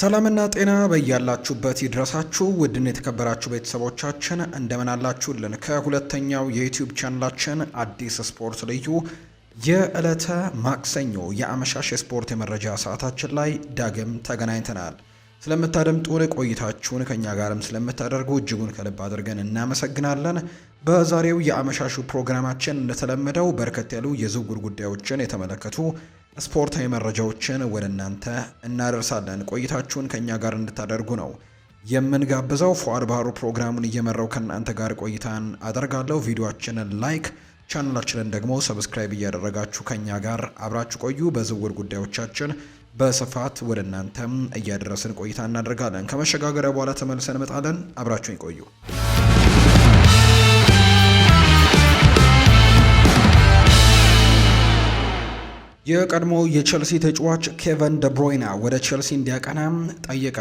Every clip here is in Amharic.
ሰላምና ጤና በያላችሁበት ይድረሳችሁ። ውድን የተከበራችሁ ቤተሰቦቻችን እንደምን አላችሁልን? ከሁለተኛው የዩቲዩብ ቻናላችን አዲስ ስፖርት ልዩ የዕለተ ማክሰኞ የአመሻሽ የስፖርት የመረጃ ሰዓታችን ላይ ዳግም ተገናኝተናል። ስለምታደምጡን ቆይታችሁን ከእኛ ጋርም ስለምታደርጉ እጅጉን ከልብ አድርገን እናመሰግናለን። በዛሬው የአመሻሹ ፕሮግራማችን እንደተለመደው በርከት ያሉ የዝውውር ጉዳዮችን የተመለከቱ ስፖርታዊ መረጃዎችን ወደ እናንተ እናደርሳለን። ቆይታችሁን ከእኛ ጋር እንድታደርጉ ነው የምንጋብዘው። ፉአድ ባህሩ ፕሮግራሙን እየመራው ከእናንተ ጋር ቆይታን አደርጋለሁ። ቪዲዮችንን ላይክ፣ ቻናላችንን ደግሞ ሰብስክራይብ እያደረጋችሁ ከእኛ ጋር አብራችሁ ቆዩ። በዝውውር ጉዳዮቻችን በስፋት ወደ እናንተም እያደረስን ቆይታ እናደርጋለን። ከመሸጋገሪያ በኋላ ተመልሰን እንመጣለን። አብራችሁን ይቆዩ። የቀድሞው የቸልሲ ተጫዋች ኬቨን ደብሮይና ወደ ቸልሲ እንዲያቀና ጠየቀ።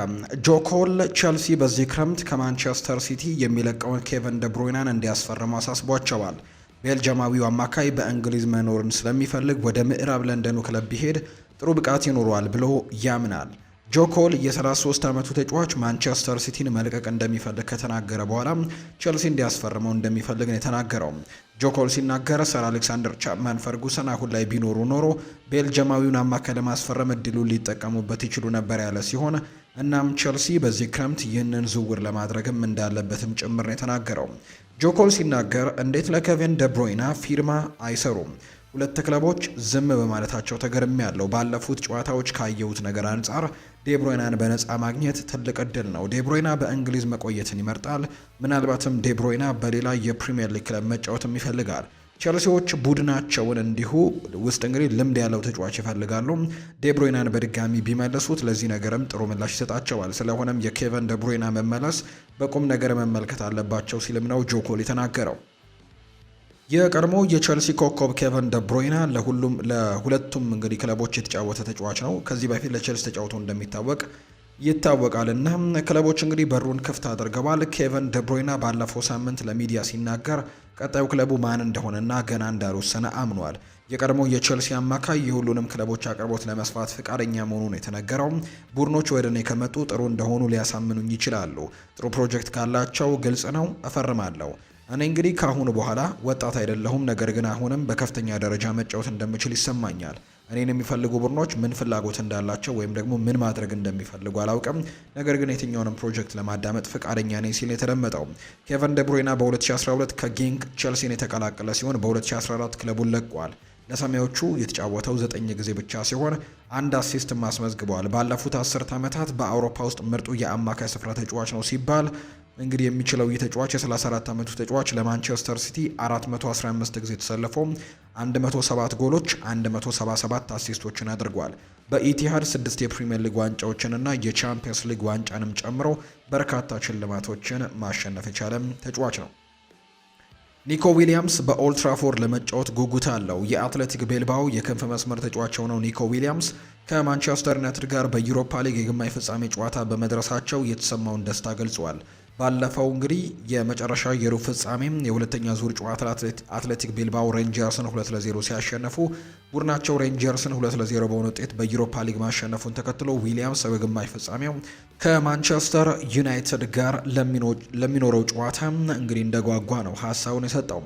ጆኮል ቸልሲ በዚህ ክረምት ከማንቸስተር ሲቲ የሚለቀውን ኬቨን ደብሮይናን እንዲያስፈርሙ አሳስቧቸዋል። ቤልጅማዊው አማካይ በእንግሊዝ መኖርን ስለሚፈልግ ወደ ምዕራብ ለንደኑ ክለብ ቢሄድ ጥሩ ብቃት ይኖረዋል ብሎ ያምናል። ጆኮል የ33 ዓመቱ ተጫዋች ማንቸስተር ሲቲን መልቀቅ እንደሚፈልግ ከተናገረ በኋላ ቸልሲ እንዲያስፈርመው እንደሚፈልግ ነው የተናገረው። ጆኮል ሲናገር ሰር አሌክሳንደር ቻፕማን ፈርጉሰን አሁን ላይ ቢኖሩ ኖሮ ቤልጀማዊውን አማካይ ለማስፈረም እድሉን ሊጠቀሙበት ይችሉ ነበር ያለ ሲሆን እናም ቸልሲ በዚህ ክረምት ይህንን ዝውውር ለማድረግም እንዳለበትም ጭምር ነው የተናገረው። ጆኮል ሲናገር እንዴት ለኬቨን ደብሮይና ፊርማ አይሰሩም? ሁለት ክለቦች ዝም በማለታቸው ተገርሚ ያለው ባለፉት ጨዋታዎች ካየሁት ነገር አንጻር ዴብሮይናን በነፃ ማግኘት ትልቅ እድል ነው። ዴብሮይና በእንግሊዝ መቆየትን ይመርጣል። ምናልባትም ዴብሮይና በሌላ የፕሪምየር ሊግ ክለብ መጫወትም ይፈልጋል። ቸልሲዎች ቡድናቸውን እንዲሁ ውስጥ እንግዲህ ልምድ ያለው ተጫዋች ይፈልጋሉ። ዴብሮይናን በድጋሚ ቢመለሱት ለዚህ ነገርም ጥሩ ምላሽ ይሰጣቸዋል። ስለሆነም የኬቨን ደብሮይና መመለስ በቁም ነገር መመልከት አለባቸው ሲልም ነው ጆኮል የተናገረው። የቀድሞ የቸልሲ ኮከብ ኬቨን ደብሮይና ለሁሉም ለሁለቱም እንግዲህ ክለቦች የተጫወተ ተጫዋች ነው። ከዚህ በፊት ለቸልሲ ተጫውቶ እንደሚታወቅ ይታወቃል እና ክለቦች እንግዲህ በሩን ክፍት አድርገዋል። ኬቨን ደብሮይና ባለፈው ሳምንት ለሚዲያ ሲናገር ቀጣዩ ክለቡ ማን እንደሆነና ገና እንዳልወሰነ አምኗል። የቀድሞ የቸልሲ አማካይ የሁሉንም ክለቦች አቅርቦት ለመስፋት ፈቃደኛ መሆኑን የተነገረው ቡድኖች ወደ እኔ ከመጡ ጥሩ እንደሆኑ ሊያሳምኑኝ ይችላሉ። ጥሩ ፕሮጀክት ካላቸው ግልጽ ነው፣ እፈርማለሁ። እኔ እንግዲህ ከአሁኑ በኋላ ወጣት አይደለሁም፣ ነገር ግን አሁንም በከፍተኛ ደረጃ መጫወት እንደምችል ይሰማኛል። እኔን የሚፈልጉ ቡድኖች ምን ፍላጎት እንዳላቸው ወይም ደግሞ ምን ማድረግ እንደሚፈልጉ አላውቅም፣ ነገር ግን የትኛውንም ፕሮጀክት ለማዳመጥ ፍቃደኛ ነኝ ሲል የተደመጠው ኬቨን ደብሮይና በ2012 ከጊንክ ቼልሲን የተቀላቀለ ሲሆን በ2014 ክለቡን ለቋል። ለሰማዮቹ የተጫወተው ዘጠኝ ጊዜ ብቻ ሲሆን አንድ አሲስት ማስመዝግበዋል። ባለፉት አስርት ዓመታት በአውሮፓ ውስጥ ምርጡ የአማካይ ስፍራ ተጫዋች ነው ሲባል እንግዲህ የሚችለው ይህ ተጫዋች የ34 ዓመቱ ተጫዋች ለማንቸስተር ሲቲ 415 ጊዜ ተሰልፎ 107 ጎሎች 177 አሲስቶችን አድርጓል። በኢቲሃድ 6 የፕሪምየር ሊግ ዋንጫዎችንና የቻምፒየንስ ሊግ ዋንጫንም ጨምሮ በርካታ ሽልማቶችን ማሸነፍ የቻለም ተጫዋች ነው። ኒኮ ዊሊያምስ በኦልትራፎርድ ለመጫወት ጉጉት አለው። የአትሌቲክ ቤልባው የክንፍ መስመር ተጫዋች ነው። ኒኮ ዊሊያምስ ከማንቸስተር ዩናይትድ ጋር በዩሮፓ ሊግ የግማሽ ፍጻሜ ጨዋታ በመድረሳቸው የተሰማውን ደስታ ገልጿል። ባለፈው እንግዲህ የመጨረሻ የሩብ ፍጻሜም የሁለተኛ ዙር ጨዋታ አትሌቲክ ቢልባው ሬንጀርስን ሁለት ለዜሮ ሲያሸነፉ ቡድናቸው ሬንጀርስን ሁለት ለዜሮ በሆነ ውጤት በዩሮፓ ሊግ ማሸነፉን ተከትሎ ዊሊያምስ በግማሽ ፍጻሜው ከማንቸስተር ዩናይትድ ጋር ለሚኖረው ጨዋታ እንግዲህ እንደጓጓ ነው ሀሳቡን የሰጠው።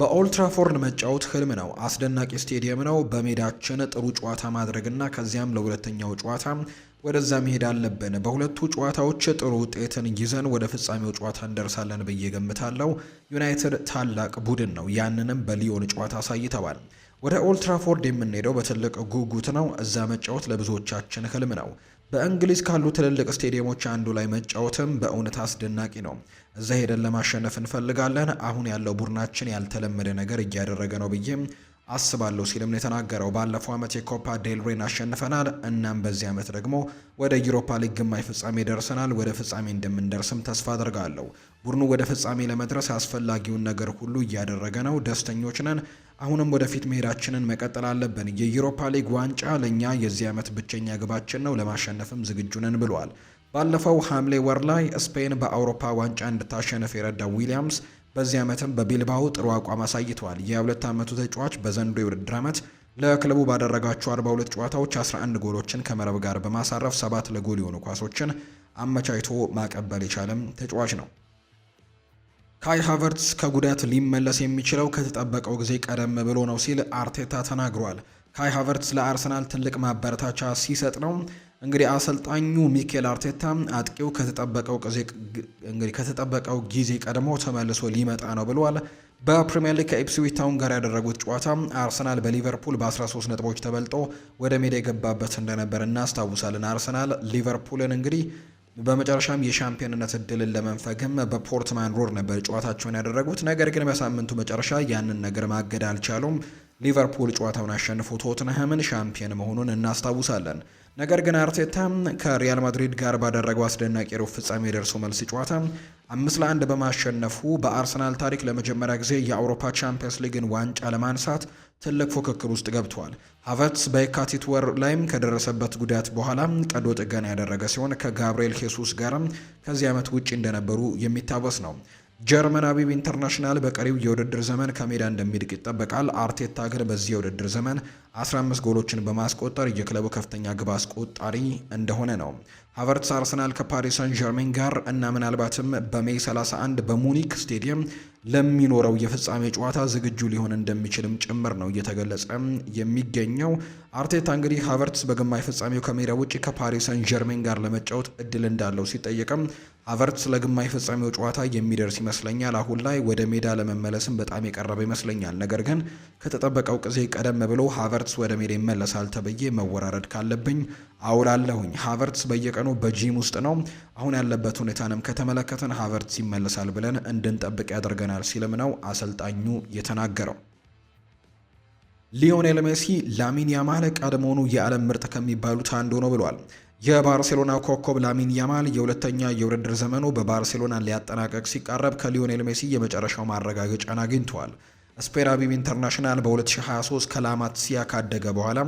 በኦልትራፎርድ መጫወት ህልም ነው። አስደናቂ ስቴዲየም ነው። በሜዳችን ጥሩ ጨዋታ ማድረግና ከዚያም ለሁለተኛው ጨዋታ ወደዛ መሄድ አለብን። በሁለቱ ጨዋታዎች ጥሩ ውጤትን ይዘን ወደ ፍጻሜው ጨዋታ እንደርሳለን ብዬ ገምታለሁ። ዩናይትድ ታላቅ ቡድን ነው። ያንንም በሊዮን ጨዋታ አሳይተዋል። ወደ ኦልትራፎርድ የምንሄደው በትልቅ ጉጉት ነው። እዛ መጫወት ለብዙዎቻችን ህልም ነው። በእንግሊዝ ካሉ ትልልቅ ስቴዲየሞች አንዱ ላይ መጫወትም በእውነት አስደናቂ ነው። እዛ ሄደን ለማሸነፍ እንፈልጋለን። አሁን ያለው ቡድናችን ያልተለመደ ነገር እያደረገ ነው ብዬም አስባለሁ ሲልም ነው የተናገረው። ባለፈው ዓመት የኮፓ ዴልሬን አሸንፈናል። እናም በዚህ ዓመት ደግሞ ወደ ዩሮፓ ሊግ ግማሽ ፍጻሜ ደርሰናል። ወደ ፍጻሜ እንደምንደርስም ተስፋ አድርጋለሁ። ቡድኑ ወደ ፍጻሜ ለመድረስ አስፈላጊውን ነገር ሁሉ እያደረገ ነው። ደስተኞች ነን። አሁንም ወደፊት መሄዳችንን መቀጠል አለብን። የዩሮፓ ሊግ ዋንጫ ለእኛ የዚህ ዓመት ብቸኛ ግባችን ነው። ለማሸነፍም ዝግጁ ነን ብሏል። ባለፈው ሐምሌ ወር ላይ ስፔን በአውሮፓ ዋንጫ እንድታሸንፍ የረዳው ዊሊያምስ በዚህ ዓመትም በቢልባኦ ጥሩ አቋም አሳይተዋል የሁለት ዓመቱ ተጫዋች በዘንድሮ የውድድር ዓመት ለክለቡ ባደረጋቸው 42 ጨዋታዎች 11 ጎሎችን ከመረብ ጋር በማሳረፍ ሰባት ለጎል የሆኑ ኳሶችን አመቻችቶ ማቀበል የቻለም ተጫዋች ነው። ካይ ሃቨርትስ ከጉዳት ሊመለስ የሚችለው ከተጠበቀው ጊዜ ቀደም ብሎ ነው ሲል አርቴታ ተናግሯል። ካይ ሃቨርትስ ለአርሰናል ትልቅ ማበረታቻ ሲሰጥ ነው እንግዲህ አሰልጣኙ ሚኬል አርቴታ አጥቂው ከተጠበቀው ጊዜ እንግዲህ ከተጠበቀው ጊዜ ቀድሞ ተመልሶ ሊመጣ ነው ብለዋል። በፕሪምየር ሊግ ከኢፕስዊች ታውን ጋር ያደረጉት ጨዋታ አርሰናል በሊቨርፑል በ13 ነጥቦች ተበልጦ ወደ ሜዳ የገባበት እንደነበር እናስታውሳለን። አርሰናል ሊቨርፑልን እንግዲህ በመጨረሻም የሻምፒዮንነት እድልን ለመንፈግም በፖርትማን ሮድ ነበር ጨዋታቸውን ያደረጉት። ነገር ግን በሳምንቱ መጨረሻ ያንን ነገር ማገድ አልቻሉም። ሊቨርፑል ጨዋታውን አሸንፎ ቶትንሃምን ሻምፒዮን መሆኑን እናስታውሳለን። ነገር ግን አርቴታ ከሪያል ማድሪድ ጋር ባደረገው አስደናቂ ሩብ ፍጻሜ የደርሶ መልስ ጨዋታ አምስት ለአንድ በማሸነፉ በአርሰናል ታሪክ ለመጀመሪያ ጊዜ የአውሮፓ ቻምፒየንስ ሊግን ዋንጫ ለማንሳት ትልቅ ፉክክር ውስጥ ገብቷል። ሀቨርትስ በየካቲት ወር ላይም ከደረሰበት ጉዳት በኋላ ቀዶ ጥገና ያደረገ ሲሆን ከጋብርኤል ሄሱስ ጋርም ከዚህ ዓመት ውጪ እንደነበሩ የሚታወስ ነው። አቢብ ኢንተርናሽናል በቀሪው የውድድር ዘመን ከሜዳ እንደሚድቅ ይጠበቃል። አርቴታ ግን በዚህ የውድድር ዘመን 15 ጎሎችን በማስቆጠር የክለቡ ከፍተኛ ግብ አስቆጣሪ እንደሆነ ነው። ሀቨርትስ አርሰናል ከፓሪስ ሰን ዠርሜን ጋር እና ምናልባትም በሜይ 31 በሙኒክ ስቴዲየም ለሚኖረው የፍጻሜ ጨዋታ ዝግጁ ሊሆን እንደሚችልም ጭምር ነው እየተገለጸ የሚገኘው። አርቴታ እንግዲህ ሀቨርትስ በግማሽ ፍጻሜው ከሜዳ ውጭ ከፓሪስ ሰን ጀርሜን ጋር ለመጫወት እድል እንዳለው ሲጠየቅም ሀቨርትስ ለግማሽ ፍጻሜው ጨዋታ የሚደርስ ይመስለኛል። አሁን ላይ ወደ ሜዳ ለመመለስም በጣም የቀረበ ይመስለኛል። ነገር ግን ከተጠበቀው ጊዜ ቀደም ብሎ ሀቨርትስ ወደ ሜዳ ይመለሳል ተብዬ መወራረድ ካለብኝ አውላለሁኝ። ሀቨርትስ በየቀኑ በጂም ውስጥ ነው። አሁን ያለበት ሁኔታንም ከተመለከተን ሀቨርትስ ይመለሳል ብለን እንድንጠብቅ ያደርገናል ሲልም ነው አሰልጣኙ የተናገረው። ሊዮኔል ሜሲ ላሚን ያማል ቀድሞውኑ የዓለም ምርጥ ከሚባሉት አንዱ ነው ብሏል። የባርሴሎና ኮከብ ላሚን ያማል የሁለተኛ የውድድር ዘመኑ በባርሴሎና ሊያጠናቀቅ ሲቃረብ ከሊዮኔል ሜሲ የመጨረሻው ማረጋገጫን አግኝተዋል። ስፔራቢብ ኢንተርናሽናል በ2023 ከላማትሲያ ካደገ በኋላ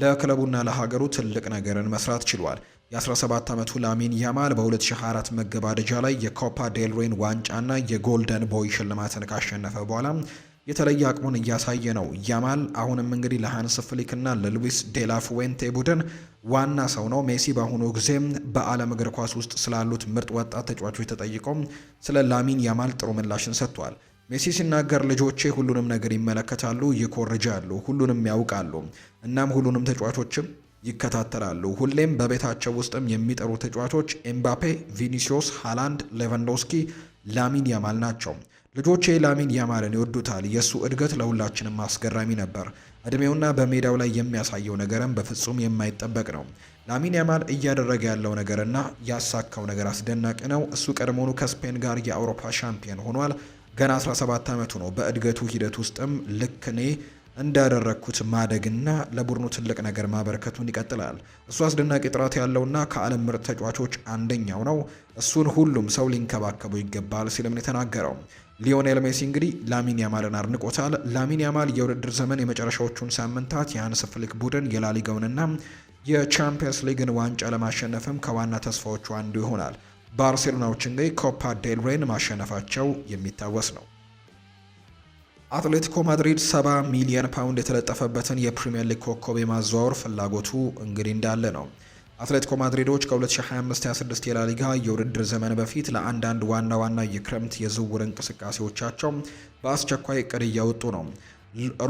ለክለቡና ለሀገሩ ትልቅ ነገርን መስራት ችሏል። የ17 ዓመቱ ላሚን ያማል በ2024 መገባደጃ ላይ የኮፓ ዴልሬን ዋንጫና የጎልደን ቦይ ሽልማትን ካሸነፈ በኋላ የተለየ አቅሙን እያሳየ ነው። ያማል አሁንም እንግዲህ ለሃንስ ፍሊክና ለሉዊስ ዴላፍዌንቴ ቡድን ዋና ሰው ነው። ሜሲ በአሁኑ ጊዜም በዓለም እግር ኳስ ውስጥ ስላሉት ምርጥ ወጣት ተጫዋቾች ተጠይቆም ስለ ላሚን ያማል ጥሩ ምላሽን ሰጥቷል። ሜሲ ሲናገር ልጆቼ ሁሉንም ነገር ይመለከታሉ፣ ይኮርጃሉ፣ ሁሉንም ያውቃሉ። እናም ሁሉንም ተጫዋቾችም ይከታተላሉ። ሁሌም በቤታቸው ውስጥም የሚጠሩ ተጫዋቾች ኤምባፔ፣ ቪኒሲዮስ፣ ሃላንድ፣ ሌቫንዶስኪ፣ ላሚን ያማል ናቸው። ልጆቼ ላሚን ያማልን ይወዱታል። የእሱ እድገት ለሁላችንም አስገራሚ ነበር። እድሜውና በሜዳው ላይ የሚያሳየው ነገርም በፍጹም የማይጠበቅ ነው። ላሚን ያማል እያደረገ ያለው ነገርና ያሳካው ነገር አስደናቂ ነው። እሱ ቀድሞኑ ከስፔን ጋር የአውሮፓ ሻምፒዮን ሆኗል። ገና 17 ዓመቱ ነው። በእድገቱ ሂደት ውስጥም ልክ እኔ እንዳደረግኩት ማደግና ለቡድኑ ትልቅ ነገር ማበረከቱን ይቀጥላል። እሱ አስደናቂ ጥራት ያለውና ከዓለም ምርጥ ተጫዋቾች አንደኛው ነው። እሱን ሁሉም ሰው ሊንከባከቡ ይገባል ሲልም ነው የተናገረው። ሊዮኔል ሜሲ እንግዲህ ላሚን ያማልን አድንቆታል። ላሚን ያማል የውድድር ዘመን የመጨረሻዎቹን ሳምንታት የሃንስ ፍሊክ ቡድን የላሊጋውንና የቻምፒየንስ ሊግን ዋንጫ ለማሸነፍም ከዋና ተስፋዎቹ አንዱ ይሆናል። ባርሴሎናዎች እንግዲህ ኮፓ ዴል ሬን ማሸነፋቸው የሚታወስ ነው። አትሌቲኮ ማድሪድ 70 ሚሊዮን ፓውንድ የተለጠፈበትን የፕሪምየር ሊግ ኮከብ የማዘዋወር ፍላጎቱ እንግዲህ እንዳለ ነው። አትሌቲኮ ማድሪዶች ከ2025/26 የላሊጋ የውድድር ዘመን በፊት ለአንዳንድ ዋና ዋና የክረምት የዝውውር እንቅስቃሴዎቻቸው በአስቸኳይ እቅድ እያወጡ ነው።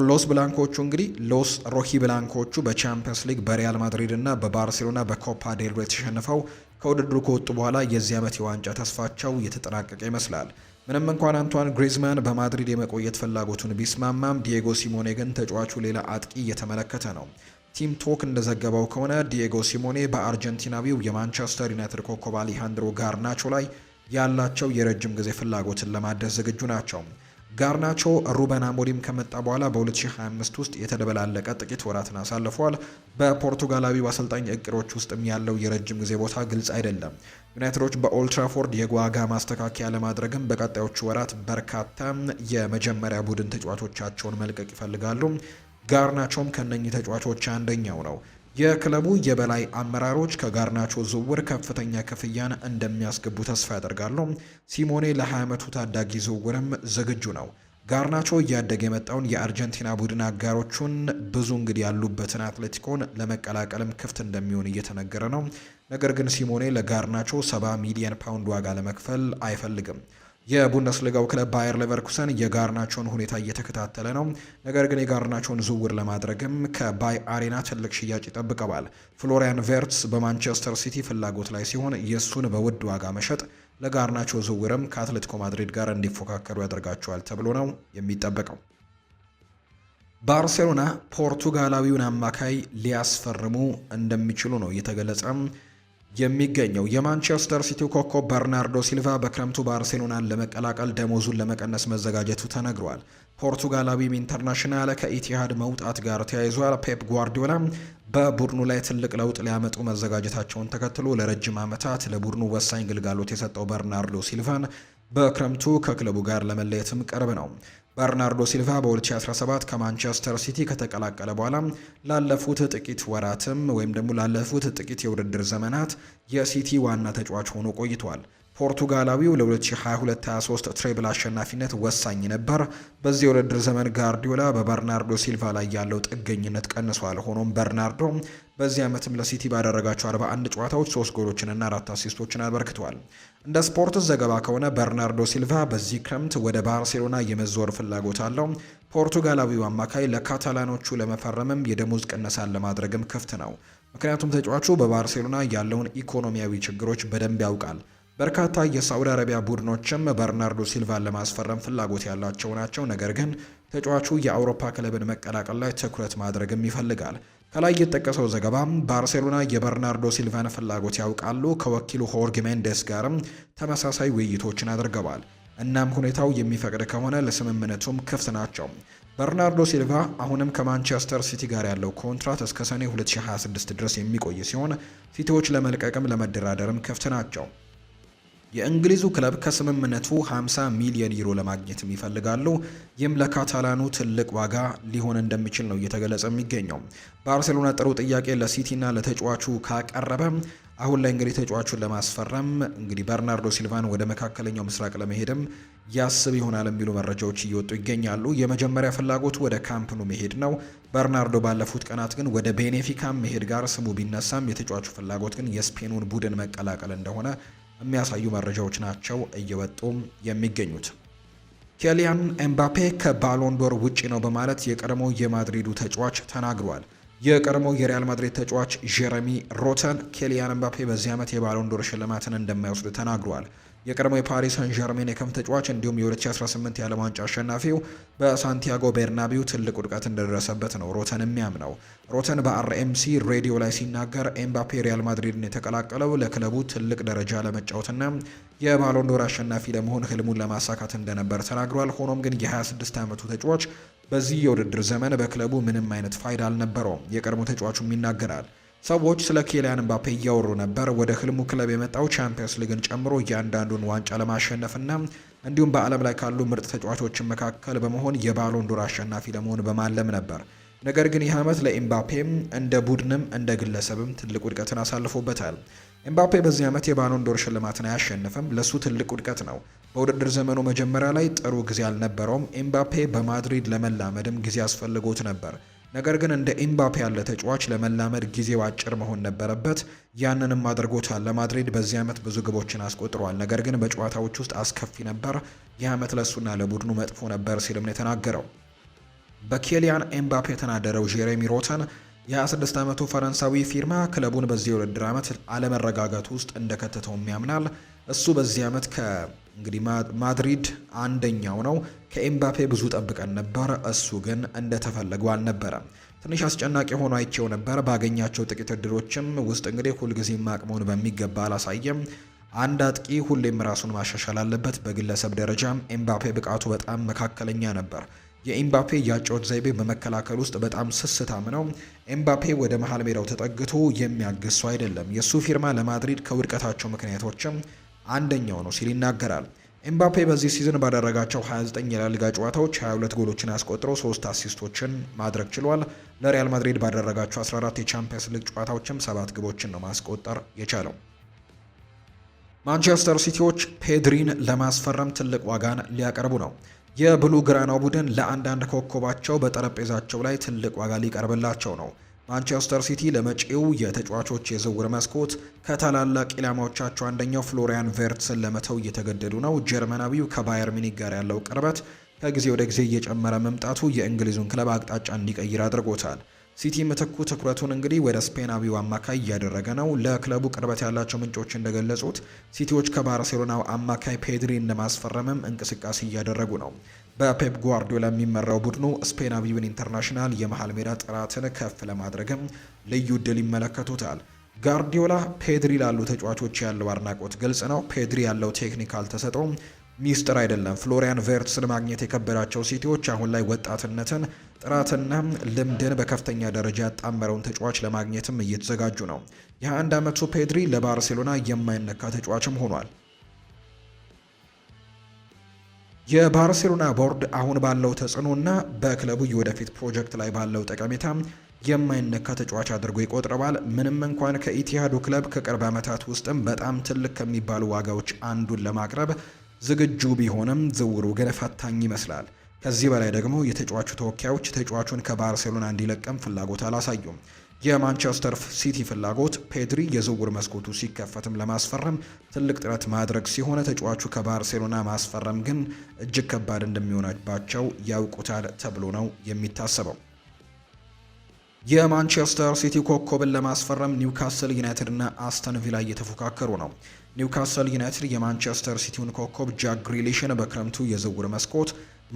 ሎስ ብላንኮቹ እንግዲህ ሎስ ሮኪ ብላንኮቹ በቻምፒየንስ ሊግ በሪያል ማድሪድ እና በባርሴሎና በኮፓ ዴል ሬ ተሸንፈው ከውድድሩ ከወጡ በኋላ የዚህ ዓመት የዋንጫ ተስፋቸው እየተጠናቀቀ ይመስላል። ምንም እንኳን አንቷን ግሪዝማን በማድሪድ የመቆየት ፍላጎቱን ቢስማማም ዲየጎ ሲሞኔ ግን ተጫዋቹ ሌላ አጥቂ እየተመለከተ ነው። ቲም ቶክ እንደዘገበው ከሆነ ዲየጎ ሲሞኔ በአርጀንቲናዊው የማንቸስተር ዩናይትድ ኮከብ አሊሃንድሮ ጋርናቾ ላይ ያላቸው የረጅም ጊዜ ፍላጎትን ለማደስ ዝግጁ ናቸው። ጋርናቾ ሩበን አሞሪም ከመጣ በኋላ በ2025 ውስጥ የተደበላለቀ ጥቂት ወራትን አሳልፏል። በፖርቱጋላዊ አሰልጣኝ እቅሮች ውስጥም ያለው የረጅም ጊዜ ቦታ ግልጽ አይደለም። ዩናይትዶች በኦልትራፎርድ የጓጋ ማስተካከያ ለማድረግም በቀጣዮቹ ወራት በርካታ የመጀመሪያ ቡድን ተጫዋቾቻቸውን መልቀቅ ይፈልጋሉ። ጋርናቾም ከነኚህ ተጫዋቾች አንደኛው ነው። የክለቡ የበላይ አመራሮች ከጋርናቾ ዝውውር ከፍተኛ ክፍያን እንደሚያስገቡ ተስፋ ያደርጋሉ። ሲሞኔ ለ20 ዓመቱ ታዳጊ ዝውውርም ዝግጁ ነው። ጋርናቾ እያደገ የመጣውን የአርጀንቲና ቡድን አጋሮቹን ብዙ እንግዲህ ያሉበትን አትሌቲኮን ለመቀላቀልም ክፍት እንደሚሆን እየተነገረ ነው። ነገር ግን ሲሞኔ ለጋርናቾ ሰባ ሚሊየን ፓውንድ ዋጋ ለመክፈል አይፈልግም። የቡንደስሊጋው ክለብ ባየር ሌቨርኩሰን የጋርናቸውን ሁኔታ እየተከታተለ ነው። ነገር ግን የጋርናቸውን ዝውውር ለማድረግም ከባይ አሬና ትልቅ ሽያጭ ይጠብቀዋል። ፍሎሪያን ቬርትስ በማንቸስተር ሲቲ ፍላጎት ላይ ሲሆን የእሱን በውድ ዋጋ መሸጥ ለጋርናቸው ዝውውርም ከአትሌቲኮ ማድሪድ ጋር እንዲፎካከሩ ያደርጋቸዋል ተብሎ ነው የሚጠበቀው። ባርሴሎና ፖርቱጋላዊውን አማካይ ሊያስፈርሙ እንደሚችሉ ነው እየተገለጸ የሚገኘው የማንቸስተር ሲቲው ኮከብ በርናርዶ ሲልቫ በክረምቱ ባርሴሎናን ለመቀላቀል ደሞዙን ለመቀነስ መዘጋጀቱ ተነግሯል። ፖርቱጋላዊም ኢንተርናሽናል ከኢቲሃድ መውጣት ጋር ተያይዟል። ፔፕ ጓርዲዮላ በቡድኑ ላይ ትልቅ ለውጥ ሊያመጡ መዘጋጀታቸውን ተከትሎ ለረጅም ዓመታት ለቡድኑ ወሳኝ ግልጋሎት የሰጠው በርናርዶ ሲልቫን በክረምቱ ከክለቡ ጋር ለመለየትም ቅርብ ነው። በርናርዶ ሲልቫ በ2017 ከማንቸስተር ሲቲ ከተቀላቀለ በኋላ ላለፉት ጥቂት ወራትም ወይም ደግሞ ላለፉት ጥቂት የውድድር ዘመናት የሲቲ ዋና ተጫዋች ሆኖ ቆይቷል። ፖርቱጋላዊው ለ2022-23 ትሬብል አሸናፊነት ወሳኝ ነበር። በዚህ የውድድር ዘመን ጋርዲዮላ በበርናርዶ ሲልቫ ላይ ያለው ጥገኝነት ቀንሷል። ሆኖም በርናርዶ በዚህ ዓመትም ለሲቲ ባደረጋቸው 41 ጨዋታዎች 3 ጎሎችንና 4 አሲስቶችን አበርክቷል። እንደ ስፖርት ዘገባ ከሆነ በርናርዶ ሲልቫ በዚህ ክረምት ወደ ባርሴሎና የመዘወር ፍላጎት አለው። ፖርቱጋላዊው አማካይ ለካታላኖቹ ለመፈረምም የደሞዝ ቅነሳን ለማድረግም ክፍት ነው። ምክንያቱም ተጫዋቹ በባርሴሎና ያለውን ኢኮኖሚያዊ ችግሮች በደንብ ያውቃል። በርካታ የሳዑዲ አረቢያ ቡድኖችም በርናርዶ ሲልቫን ለማስፈረም ፍላጎት ያላቸው ናቸው። ነገር ግን ተጫዋቹ የአውሮፓ ክለብን መቀላቀል ላይ ትኩረት ማድረግም ይፈልጋል። ከላይ የጠቀሰው ዘገባ ባርሴሎና የበርናርዶ ሲልቫን ፍላጎት ያውቃሉ፣ ከወኪሉ ሆርግ ሜንደስ ጋርም ተመሳሳይ ውይይቶችን አድርገዋል። እናም ሁኔታው የሚፈቅድ ከሆነ ለስምምነቱም ክፍት ናቸው። በርናርዶ ሲልቫ አሁንም ከማንቸስተር ሲቲ ጋር ያለው ኮንትራት እስከ ሰኔ 2026 ድረስ የሚቆይ ሲሆን ሲቲዎች ለመልቀቅም ለመደራደርም ክፍት ናቸው። የእንግሊዙ ክለብ ከስምምነቱ 50 ሚሊዮን ዩሮ ለማግኘትም ይፈልጋሉ። ይህም ለካታላኑ ትልቅ ዋጋ ሊሆን እንደሚችል ነው እየተገለጸ የሚገኘው። ባርሴሎና ጥሩ ጥያቄ ለሲቲና ለተጫዋቹ ካቀረበ አሁን ላይ እንግዲህ ተጫዋቹን ለማስፈረም እንግዲህ በርናርዶ ሲልቫን ወደ መካከለኛው ምስራቅ ለመሄድም ያስብ ይሆናል የሚሉ መረጃዎች እየወጡ ይገኛሉ። የመጀመሪያ ፍላጎቱ ወደ ካምፕኑ መሄድ ነው። በርናርዶ ባለፉት ቀናት ግን ወደ ቤኔፊካ መሄድ ጋር ስሙ ቢነሳም የተጫዋቹ ፍላጎት ግን የስፔኑን ቡድን መቀላቀል እንደሆነ የሚያሳዩ መረጃዎች ናቸው እየወጡ የሚገኙት። ኬሊያን ኤምባፔ ከባሎንዶር ውጪ ነው በማለት የቀድሞ የማድሪዱ ተጫዋች ተናግሯል። የቀድሞ የሪያል ማድሪድ ተጫዋች ጀረሚ ሮተን ኬሊያን ኤምባፔ በዚህ ዓመት የባሎንዶር ሽልማትን እንደማይወስድ ተናግሯል። የቀድሞ የፓሪስ ሳን ዠርሜን ተጫዋች እንዲሁም የ2018 የዓለም ዋንጫ አሸናፊው በሳንቲያጎ ቤርናቢው ትልቅ ውድቀት እንደደረሰበት ነው ሮተን የሚያምነው። ሮተን በአርኤምሲ ሬዲዮ ላይ ሲናገር ኤምባፔ ሪያል ማድሪድን የተቀላቀለው ለክለቡ ትልቅ ደረጃ ለመጫወትና የባሎንዶር አሸናፊ ለመሆን ህልሙን ለማሳካት እንደነበር ተናግሯል። ሆኖም ግን የ26 ዓመቱ ተጫዋች በዚህ የውድድር ዘመን በክለቡ ምንም አይነት ፋይዳ አልነበረውም፣ የቀድሞ ተጫዋቹም ይናገራል። ሰዎች ስለ ኬሊያን ምባፔ እያወሩ ነበር። ወደ ህልሙ ክለብ የመጣው ቻምፒየንስ ሊግን ጨምሮ እያንዳንዱን ዋንጫ ለማሸነፍና እንዲሁም በዓለም ላይ ካሉ ምርጥ ተጫዋቾች መካከል በመሆን የባሎን ዶር አሸናፊ ለመሆን በማለም ነበር። ነገር ግን ይህ ዓመት ለኤምባፔም እንደ ቡድንም እንደ ግለሰብም ትልቅ ውድቀትን አሳልፎበታል። ኤምባፔ በዚህ ዓመት የባሎን ዶር ሽልማትን አያሸንፍም። ለሱ ትልቅ ውድቀት ነው። በውድድር ዘመኑ መጀመሪያ ላይ ጥሩ ጊዜ አልነበረውም። ኤምባፔ በማድሪድ ለመላመድም ጊዜ አስፈልጎት ነበር። ነገር ግን እንደ ኢምባፔ ያለ ተጫዋች ለመላመድ ጊዜው አጭር መሆን ነበረበት። ያንንም አድርጎታል። ለማድሪድ በዚህ ዓመት ብዙ ግቦችን አስቆጥሯል። ነገር ግን በጨዋታዎች ውስጥ አስከፊ ነበር። ይህ ዓመት ለእሱና ለቡድኑ መጥፎ ነበር ሲልም ነው የተናገረው። በኬሊያን ኤምባፔ የተናደረው ጄሬሚ ሮተን የ26 ዓመቱ ፈረንሳዊ ፊርማ ክለቡን በዚህ የውድድር ዓመት አለመረጋጋት ውስጥ እንደከተተውም ያምናል። እሱ በዚህ ዓመት ከእንግዲህ ማድሪድ አንደኛው ነው። ከኤምባፔ ብዙ ጠብቀን ነበር። እሱ ግን እንደተፈለገው አልነበረም። ትንሽ አስጨናቂ ሆኖ አይቼው ነበር። ባገኛቸው ጥቂት እድሎችም ውስጥ እንግዲህ ሁልጊዜም አቅሙን በሚገባ አላሳየም። አንድ አጥቂ ሁሌም ራሱን ማሻሻል አለበት። በግለሰብ ደረጃም ኤምባፔ ብቃቱ በጣም መካከለኛ ነበር። የኤምባፔ የአጨዋወት ዘይቤ በመከላከል ውስጥ በጣም ስስታም ነው። ኤምባፔ ወደ መሀል ሜዳው ተጠግቶ የሚያግሱ አይደለም። የእሱ ፊርማ ለማድሪድ ከውድቀታቸው ምክንያቶችም አንደኛው ነው ሲል ይናገራል። ኤምባፔ በዚህ ሲዝን ባደረጋቸው 29 የላሊጋ ጨዋታዎች 22 ጎሎችን አስቆጥሮ 3 አሲስቶችን ማድረግ ችሏል። ለሪያል ማድሪድ ባደረጋቸው 14 የቻምፒየንስ ሊግ ጨዋታዎችም 7 ግቦችን ነው ማስቆጠር የቻለው። ማንቸስተር ሲቲዎች ፔድሪን ለማስፈረም ትልቅ ዋጋን ሊያቀርቡ ነው። የብሉ ግራናው ቡድን ለአንዳንድ ኮከባቸው በጠረጴዛቸው ላይ ትልቅ ዋጋ ሊቀርብላቸው ነው። ማንቸስተር ሲቲ ለመጪው የተጫዋቾች የዝውውር መስኮት ከታላላቅ ኢላማዎቻቸው አንደኛው ፍሎሪያን ቬርትስን ለመተው እየተገደዱ ነው። ጀርመናዊው ከባየር ሚኒክ ጋር ያለው ቅርበት ከጊዜ ወደ ጊዜ እየጨመረ መምጣቱ የእንግሊዙን ክለብ አቅጣጫ እንዲቀይር አድርጎታል። ሲቲ ምትኩ ትኩረቱን እንግዲህ ወደ ስፔናዊው አማካይ እያደረገ ነው። ለክለቡ ቅርበት ያላቸው ምንጮች እንደገለጹት ሲቲዎች ከባርሴሎናው አማካይ ፔድሪን ለማስፈረምም እንቅስቃሴ እያደረጉ ነው። በፔፕ ጓርዲዮላ የሚመራው ቡድኑ ስፔናዊውን ኢንተርናሽናል የመሀል ሜዳ ጥራትን ከፍ ለማድረግም ልዩ እድል ይመለከቱታል። ጓርዲዮላ ፔድሪ ላሉ ተጫዋቾች ያለው አድናቆት ግልጽ ነው። ፔድሪ ያለው ቴክኒካል ተሰጥኦ ሚስጥር አይደለም። ፍሎሪያን ቬርትስን ማግኘት የከበዳቸው ሲቲዎች አሁን ላይ ወጣትነትን፣ ጥራትና ልምድን በከፍተኛ ደረጃ ያጣመረውን ተጫዋች ለማግኘትም እየተዘጋጁ ነው የአንድ የ21 ዓመቱ ፔድሪ ለባርሴሎና የማይነካ ተጫዋችም ሆኗል። የባርሴሎና ቦርድ አሁን ባለው ተጽዕኖና በክለቡ የወደፊት ፕሮጀክት ላይ ባለው ጠቀሜታ የማይነካ ተጫዋች አድርጎ ይቆጥረዋል። ምንም እንኳን ከኢቲሃዱ ክለብ ከቅርብ ዓመታት ውስጥም በጣም ትልቅ ከሚባሉ ዋጋዎች አንዱን ለማቅረብ ዝግጁ ቢሆንም ዝውውሩ ግን ፈታኝ ይመስላል። ከዚህ በላይ ደግሞ የተጫዋቹ ተወካዮች ተጫዋቹን ከባርሴሎና እንዲለቀም ፍላጎት አላሳዩም። የማንቸስተር ሲቲ ፍላጎት ፔድሪ የዝውውር መስኮቱ ሲከፈትም ለማስፈረም ትልቅ ጥረት ማድረግ ሲሆን ተጫዋቹ ከባርሴሎና ማስፈረም ግን እጅግ ከባድ እንደሚሆንባቸው ያውቁታል ተብሎ ነው የሚታሰበው። የማንቸስተር ሲቲ ኮከብን ለማስፈረም ኒውካስል ዩናይትድ ና አስተን ቪላ እየተፎካከሩ ነው። ኒውካስል ዩናይትድ የማንቸስተር ሲቲውን ኮከብ ጃክ ግሪሊሽን በክረምቱ የዝውውር መስኮት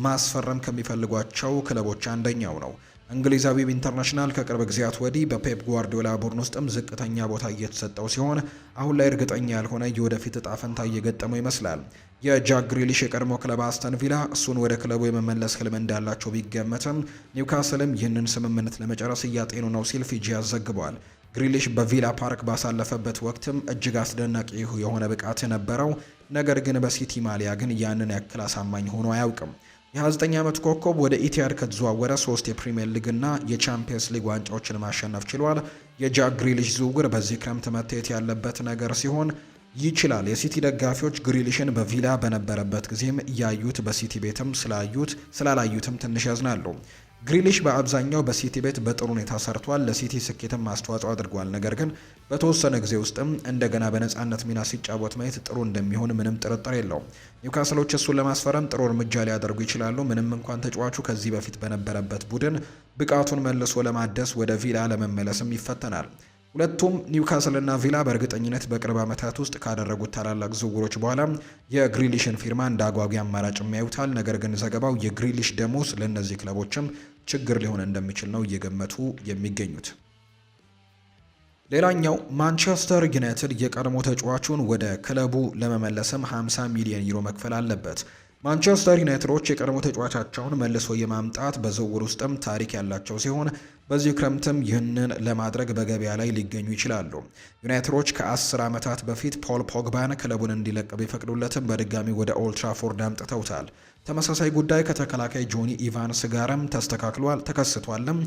ማስፈረም ከሚፈልጓቸው ክለቦች አንደኛው ነው። እንግሊዛዊው ኢንተርናሽናል ከቅርብ ጊዜያት ወዲህ በፔፕ ጓርዲዮላ ቡድን ውስጥም ዝቅተኛ ቦታ እየተሰጠው ሲሆን አሁን ላይ እርግጠኛ ያልሆነ የወደፊት እጣ ፈንታ እየገጠመው ይመስላል። የጃክ ግሪሊሽ የቀድሞ ክለብ አስተን ቪላ እሱን ወደ ክለቡ የመመለስ ህልም እንዳላቸው ቢገመትም ኒውካስልም ይህንን ስምምነት ለመጨረስ እያጤኑ ነው ሲል ፊጂ ዘግቧል። ግሪሊሽ በቪላ ፓርክ ባሳለፈበት ወቅትም እጅግ አስደናቂ የሆነ ብቃት ነበረው። ነገር ግን በሲቲ ማሊያ ግን ያንን ያክል አሳማኝ ሆኖ አያውቅም። የ29 ዓመት ኮከብ ወደ ኢቲያድ ከተዘዋወረ ሶስት የፕሪምየር ሊግና የቻምፒየንስ ሊግ ዋንጫዎችን ማሸነፍ ችሏል። የጃክ ግሪሊሽ ዝውውር በዚህ ክረምት መታየት ያለበት ነገር ሲሆን ይችላል። የሲቲ ደጋፊዎች ግሪሊሽን በቪላ በነበረበት ጊዜም ያዩት በሲቲ ቤትም ስላዩት ስላላዩትም ትንሽ ያዝናሉ። ግሪሊሽ በአብዛኛው በሲቲ ቤት በጥሩ ሁኔታ ሰርቷል፣ ለሲቲ ስኬትም አስተዋጽኦ አድርጓል። ነገር ግን በተወሰነ ጊዜ ውስጥም እንደገና በነጻነት ሚና ሲጫወት ማየት ጥሩ እንደሚሆን ምንም ጥርጥር የለውም። ኒውካስሎች እሱን ለማስፈረም ጥሩ እርምጃ ሊያደርጉ ይችላሉ፣ ምንም እንኳን ተጫዋቹ ከዚህ በፊት በነበረበት ቡድን ብቃቱን መልሶ ለማደስ ወደ ቪላ ለመመለስም ይፈተናል። ሁለቱም ኒውካስል እና ቪላ በእርግጠኝነት በቅርብ ዓመታት ውስጥ ካደረጉት ታላላቅ ዝውውሮች በኋላ የግሪሊሽን ፊርማ እንደ አጓጊ አማራጭ የሚያዩታል። ነገር ግን ዘገባው የግሪሊሽ ደሞዝ ለእነዚህ ክለቦችም ችግር ሊሆን እንደሚችል ነው እየገመቱ የሚገኙት። ሌላኛው ማንቸስተር ዩናይትድ የቀድሞ ተጫዋቹን ወደ ክለቡ ለመመለስም 50 ሚሊዮን ዩሮ መክፈል አለበት። ማንቸስተር ዩናይትዶች የቀድሞ ተጫዋቻቸውን መልሶ የማምጣት በዝውውር ውስጥም ታሪክ ያላቸው ሲሆን በዚህ ክረምትም ይህንን ለማድረግ በገበያ ላይ ሊገኙ ይችላሉ። ዩናይትዶች ከአስር ዓመታት በፊት ፖል ፖግባን ክለቡን እንዲለቅ ቢፈቅዱለትም በድጋሚ ወደ ኦልትራፎርድ አምጥተውታል። ተመሳሳይ ጉዳይ ከተከላካይ ጆኒ ኢቫንስ ጋርም ተስተካክሏል ተከስቷልም።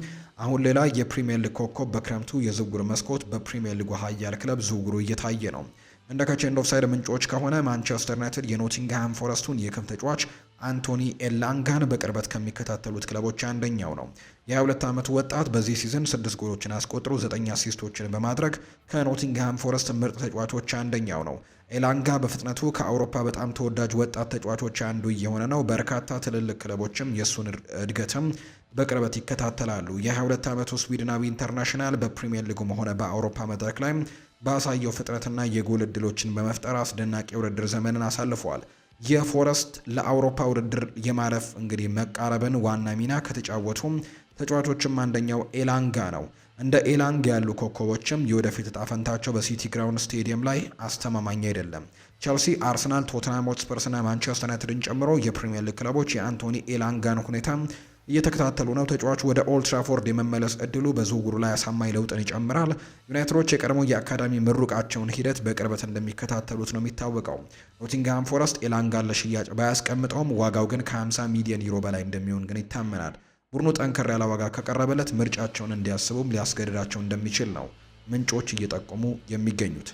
አሁን ሌላ የፕሪምየር ሊግ ኮከብ በክረምቱ የዝውውር መስኮት በፕሪምየር ሊጉ ኃያል ክለብ ዝውውሩ እየታየ ነው። እንደ ከቼንዶፍሳይድ ምንጮች ከሆነ ማንቸስተር ዩናይትድ የኖቲንግሃም ፎረስቱን የክንፍ ተጫዋች አንቶኒ ኤላንጋን በቅርበት ከሚከታተሉት ክለቦች አንደኛው ነው። የ22 ዓመቱ ወጣት በዚህ ሲዝን 6 ጎሎችን አስቆጥሮ 9 አሲስቶችን በማድረግ ከኖቲንግሃም ፎረስት ምርጥ ተጫዋቾች አንደኛው ነው። ኤላንጋ በፍጥነቱ ከአውሮፓ በጣም ተወዳጅ ወጣት ተጫዋቾች አንዱ እየሆነ ነው። በርካታ ትልልቅ ክለቦችም የእሱን እድገትም በቅርበት ይከታተላሉ። የ22 ዓመቱ ስዊድናዊ ኢንተርናሽናል በፕሪምየር ሊጉም ሆነ በአውሮፓ መድረክ ላይ ባሳየው ፍጥነትና የጎል እድሎችን በመፍጠር አስደናቂ ውድድር ዘመንን አሳልፏል። የፎረስት ለአውሮፓ ውድድር የማለፍ እንግዲህ መቃረብን ዋና ሚና ከተጫወቱም ተጫዋቾችም አንደኛው ኤላንጋ ነው። እንደ ኤላንግ ያሉ ኮከቦችም የወደፊት እጣ ፈንታቸው በሲቲ ግራውንድ ስቴዲየም ላይ አስተማማኝ አይደለም። ቸልሲ፣ አርሰናል፣ ቶትናም ሆትስፐርስና ማንቸስተር ዩናይትድን ጨምሮ የፕሪምየር ሊግ ክለቦች የአንቶኒ ኤላንጋን ሁኔታ እየተከታተሉ ነው። ተጫዋቹ ወደ ኦልትራፎርድ የመመለስ እድሉ በዝውውሩ ላይ አሳማኝ ለውጥን ይጨምራል። ዩናይትዶች የቀድሞ የአካዳሚ ምሩቃቸውን ሂደት በቅርበት እንደሚከታተሉት ነው የሚታወቀው። ኖቲንግሃም ፎረስት ኤላንጋን ለሽያጭ ባያስቀምጠውም ዋጋው ግን ከ50 ሚሊዮን ዩሮ በላይ እንደሚሆን ግን ይታመናል። ቡድኑ ጠንከር ያለ ዋጋ ከቀረበለት ምርጫቸውን እንዲያስቡም ሊያስገድዳቸው እንደሚችል ነው ምንጮች እየጠቆሙ የሚገኙት።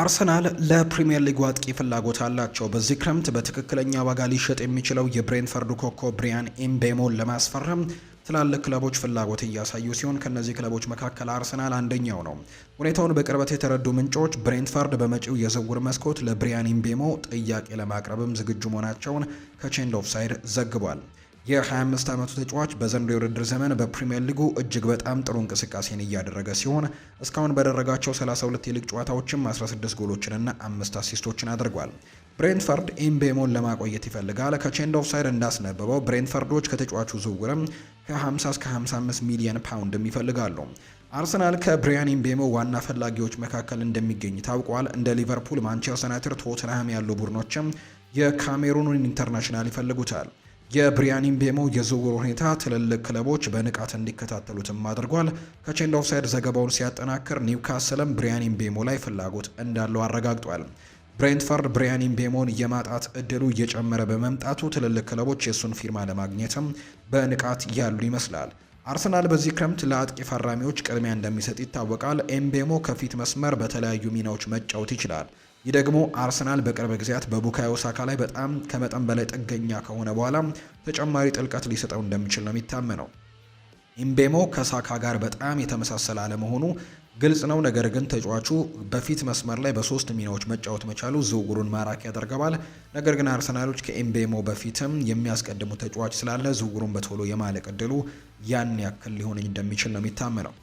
አርሰናል ለፕሪምየር ሊግ አጥቂ ፍላጎት አላቸው። በዚህ ክረምት በትክክለኛ ዋጋ ሊሸጥ የሚችለው የብሬንፈርዱ ኮኮ ብሪያን ኢምቤሞን ለማስፈረም ትላልቅ ክለቦች ፍላጎት እያሳዩ ሲሆን ከእነዚህ ክለቦች መካከል አርሰናል አንደኛው ነው። ሁኔታውን በቅርበት የተረዱ ምንጮች ብሬንትፈርድ በመጪው የዝውውር መስኮት ለብሪያን ኢምቤሞ ጥያቄ ለማቅረብም ዝግጁ መሆናቸውን ከቼንድ ሳይድ ዘግቧል። የ25 ዓመቱ ተጫዋች በዘንድሮው የውድድር ዘመን በፕሪምየር ሊጉ እጅግ በጣም ጥሩ እንቅስቃሴን እያደረገ ሲሆን እስካሁን ባደረጋቸው 32 የሊግ ጨዋታዎችም 16 ጎሎችንና አምስት አሲስቶችን አድርጓል። ብሬንትፈርድ ኢምቤሞን ለማቆየት ይፈልጋል። ከቼንድ ኦፍ ሳይድ እንዳስነበበው ብሬንትፈርዶች ከተጫዋቹ ዝውውርም ከ50 እስከ 55 ሚሊየን ፓውንድም ይፈልጋሉ። አርሰናል ከብሪያን ኢምቤሞ ዋና ፈላጊዎች መካከል እንደሚገኝ ታውቋል። እንደ ሊቨርፑል፣ ማንቸስተር ዩናይትድ፣ ቶትንሃም ያሉ ቡድኖችም የካሜሩኑን ኢንተርናሽናል ይፈልጉታል። የብሪያን ምቤሞ የዝውውር ሁኔታ ትልልቅ ክለቦች በንቃት እንዲከታተሉትም አድርጓል። ከቼንድ ኦፍሳይድ ዘገባውን ሲያጠናክር ኒውካስልም ብሪያን ምቤሞ ላይ ፍላጎት እንዳለው አረጋግጧል። ብሬንትፈርድ ብሪያን ምቤሞን የማጣት እድሉ እየጨመረ በመምጣቱ ትልልቅ ክለቦች የእሱን ፊርማ ለማግኘትም በንቃት ያሉ ይመስላል። አርሰናል በዚህ ክረምት ለአጥቂ ፈራሚዎች ቅድሚያ እንደሚሰጥ ይታወቃል። ኤምቤሞ ከፊት መስመር በተለያዩ ሚናዎች መጫወት ይችላል። ይህ ደግሞ አርሰናል በቅርብ ጊዜያት በቡካዮ ሳካ ላይ በጣም ከመጠን በላይ ጥገኛ ከሆነ በኋላ ተጨማሪ ጥልቀት ሊሰጠው እንደሚችል ነው የሚታመነው። ኢምቤሞ ከሳካ ጋር በጣም የተመሳሰለ አለመሆኑ ግልጽ ነው። ነገር ግን ተጫዋቹ በፊት መስመር ላይ በሶስት ሚናዎች መጫወት መቻሉ ዝውውሩን ማራኪ ያደርገዋል። ነገር ግን አርሰናሎች ከኤምቤሞ በፊትም የሚያስቀድሙ ተጫዋች ስላለ ዝውውሩን በቶሎ የማለቅ እድሉ ያን ያክል ሊሆን እንደሚችል ነው የሚታመነው።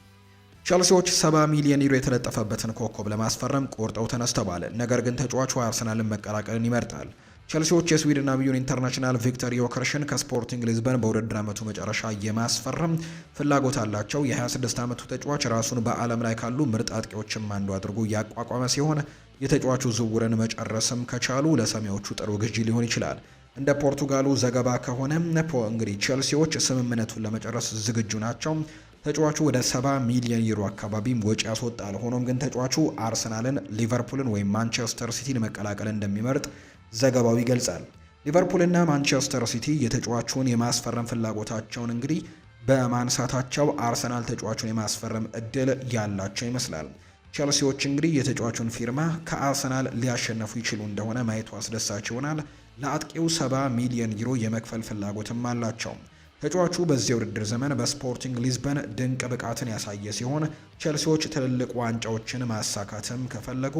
ቸልሲዎች 70 ሚሊዮን ዩሮ የተለጠፈበትን ኮከብ ለማስፈረም ቆርጠው ተነስተዋል። ነገር ግን ተጫዋቹ አርሰናልን መቀላቀልን ይመርጣል። ቸልሲዎች የስዊድናዊውን ኢንተርናሽናል ቪክተር ዮከርሽን ከስፖርቲንግ ሊዝበን በውድድር ዓመቱ መጨረሻ የማስፈረም ፍላጎት አላቸው። የ26 ዓመቱ ተጫዋች ራሱን በዓለም ላይ ካሉ ምርጥ አጥቂዎችም አንዱ አድርጎ እያቋቋመ ሲሆን የተጫዋቹ ዝውውርን መጨረስም ከቻሉ ለሰማያዊዎቹ ጥሩ ግዢ ሊሆን ይችላል። እንደ ፖርቱጋሉ ዘገባ ከሆነ እንግዲህ ቸልሲዎች ስምምነቱን ለመጨረስ ዝግጁ ናቸው። ተጫዋቹ ወደ 70 ሚሊዮን ዩሮ አካባቢም ወጪ ያስወጣል። ሆኖም ግን ተጫዋቹ አርሰናልን፣ ሊቨርፑልን ወይም ማንቸስተር ሲቲን መቀላቀል እንደሚመርጥ ዘገባው ይገልጻል። ሊቨርፑልና ማንቸስተር ሲቲ የተጫዋቹን የማስፈረም ፍላጎታቸውን እንግዲህ በማንሳታቸው አርሰናል ተጫዋቹን የማስፈረም እድል ያላቸው ይመስላል። ቸልሲዎች እንግዲህ የተጫዋቹን ፊርማ ከአርሰናል ሊያሸነፉ ይችሉ እንደሆነ ማየቱ አስደሳች ይሆናል። ለአጥቂው 70 ሚሊዮን ዩሮ የመክፈል ፍላጎትም አላቸው። ተጫዋቹ በዚህ የውድድር ዘመን በስፖርቲንግ ሊዝበን ድንቅ ብቃትን ያሳየ ሲሆን ቼልሲዎች ትልልቅ ዋንጫዎችን ማሳካትም ከፈለጉ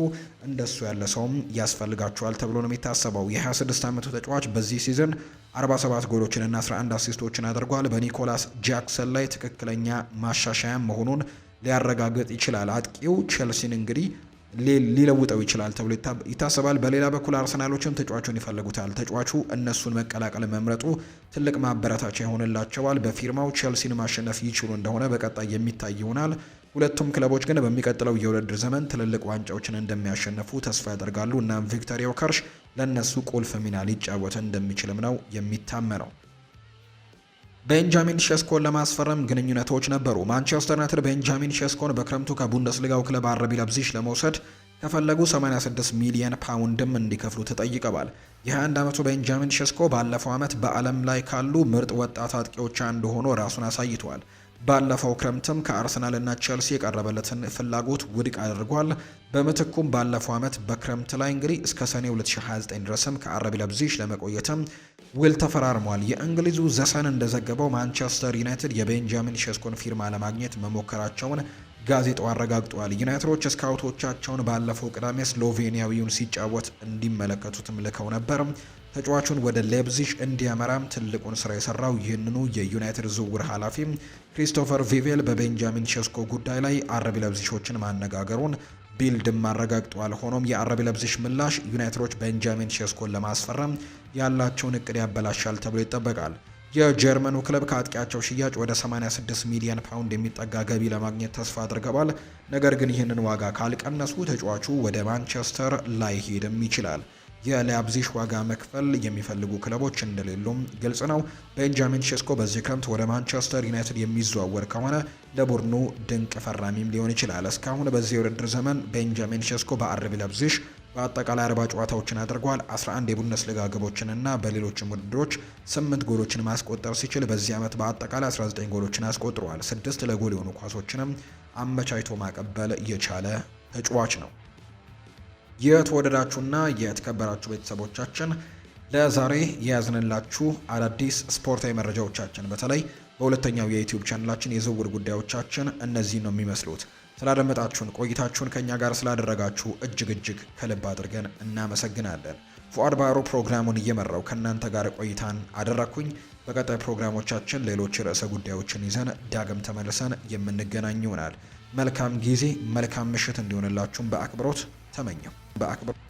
እንደሱ ያለ ሰውም ያስፈልጋቸዋል ተብሎ ነው የሚታሰበው። የ26 ዓመቱ ተጫዋች በዚህ ሲዝን 47 ጎሎችንና 11 አሲስቶችን አድርጓል። በኒኮላስ ጃክሰን ላይ ትክክለኛ ማሻሻያም መሆኑን ሊያረጋግጥ ይችላል። አጥቂው ቸልሲን እንግዲህ ሊለውጠው ይችላል ተብሎ ይታሰባል። በሌላ በኩል አርሰናሎችም ተጫዋቹን ይፈልጉታል። ተጫዋቹ እነሱን መቀላቀል መምረጡ ትልቅ ማበረታቻ ይሆንላቸዋል። በፊርማው ቼልሲን ማሸነፍ ይችሉ እንደሆነ በቀጣይ የሚታይ ይሆናል። ሁለቱም ክለቦች ግን በሚቀጥለው የውድድር ዘመን ትልልቅ ዋንጫዎችን እንደሚያሸንፉ ተስፋ ያደርጋሉ። እናም ቪክተር ዮከርሽ ለእነሱ ቁልፍ ሚና ሊጫወት እንደሚችልም ነው የሚታመነው። ቤንጃሚን ሸስኮን ለማስፈረም ግንኙነቶች ነበሩ። ማንቸስተር ዩናይትድ ቤንጃሚን ሸስኮን በክረምቱ ከቡንደስሊጋው ክለብ አረቢ ለብዚሽ ለመውሰድ ከፈለጉ 86 ሚሊየን ፓውንድም እንዲከፍሉ ተጠይቀዋል። የ21 ዓመቱ ቤንጃሚን ሼስኮ ባለፈው ዓመት በዓለም ላይ ካሉ ምርጥ ወጣት አጥቂዎች አንዱ ሆኖ ራሱን አሳይቷል። ባለፈው ክረምትም ከአርሰናልና ቼልሲ የቀረበለትን ፍላጎት ውድቅ አድርጓል። በምትኩም ባለፈው ዓመት በክረምት ላይ እንግዲህ እስከ ሰኔ 2029 ድረስም ከአረቢ ለብዚሽ ለመቆየትም ውል ተፈራርሟል። የእንግሊዙ ዘሰን እንደዘገበው ማንቸስተር ዩናይትድ የቤንጃሚን ሸስኮን ፊርማ ለማግኘት መሞከራቸውን ጋዜጣው አረጋግጧል። ዩናይትዶች ስካውቶቻቸውን ባለፈው ቅዳሜ ስሎቬኒያዊውን ሲጫወት እንዲመለከቱትም ልከው ነበር። ተጫዋቹን ወደ ሌብዚሽ እንዲያመራም ትልቁን ስራ የሰራው ይህንኑ የዩናይትድ ዝውውር ኃላፊ ክሪስቶፈር ቪቬል በቤንጃሚን ሸስኮ ጉዳይ ላይ አረብ ለብዚሾችን ማነጋገሩን ቢልድም አረጋግጧል። ሆኖም የአረብ ለብዝሽ ምላሽ ዩናይትዶች ቤንጃሚን ሼስኮን ለማስፈረም ያላቸውን እቅድ ያበላሻል ተብሎ ይጠበቃል። የጀርመኑ ክለብ ከአጥቂያቸው ሽያጭ ወደ 86 ሚሊዮን ፓውንድ የሚጠጋ ገቢ ለማግኘት ተስፋ አድርገዋል። ነገር ግን ይህንን ዋጋ ካልቀነሱ ተጫዋቹ ወደ ማንቸስተር ላይሄድም ይችላል። የላያብዚሽ ዋጋ መክፈል የሚፈልጉ ክለቦች እንደሌሉም ግልጽ ነው። ቤንጃሚን ሼስኮ በዚህ ክረምት ወደ ማንቸስተር ዩናይትድ የሚዘዋወር ከሆነ ለቡድኑ ድንቅ ፈራሚም ሊሆን ይችላል። እስካሁን በዚህ የውድድር ዘመን ቤንጃሚን ሼስኮ በአርቢ ለብዚሽ በአጠቃላይ አርባ ጨዋታዎችን አድርጓል። 11 የቡንደስሊጋ ግቦችንና በሌሎችም ውድድሮች 8 ጎሎችን ማስቆጠር ሲችል በዚህ ዓመት በአጠቃላይ 19 ጎሎችን አስቆጥሯል። ስድስት ለጎል የሆኑ ኳሶችንም አመቻችቶ ማቀበል የቻለ ተጫዋች ነው። የተወደዳችሁና የተከበራችሁ ቤተሰቦቻችን ለዛሬ የያዝንላችሁ አዳዲስ ስፖርታዊ መረጃዎቻችን በተለይ በሁለተኛው የዩቲዩብ ቻናላችን የዝውውር ጉዳዮቻችን እነዚህ ነው የሚመስሉት። ስላደመጣችሁን ቆይታችሁን ከእኛ ጋር ስላደረጋችሁ እጅግ እጅግ ከልብ አድርገን እናመሰግናለን። ፉአድ ባሮ ፕሮግራሙን እየመራው ከእናንተ ጋር ቆይታን አደረግኩኝ። በቀጣይ ፕሮግራሞቻችን ሌሎች ርዕሰ ጉዳዮችን ይዘን ዳግም ተመልሰን የምንገናኝ ይሆናል። መልካም ጊዜ፣ መልካም ምሽት እንዲሆንላችሁም በአክብሮት ተመኘው በአክብሮት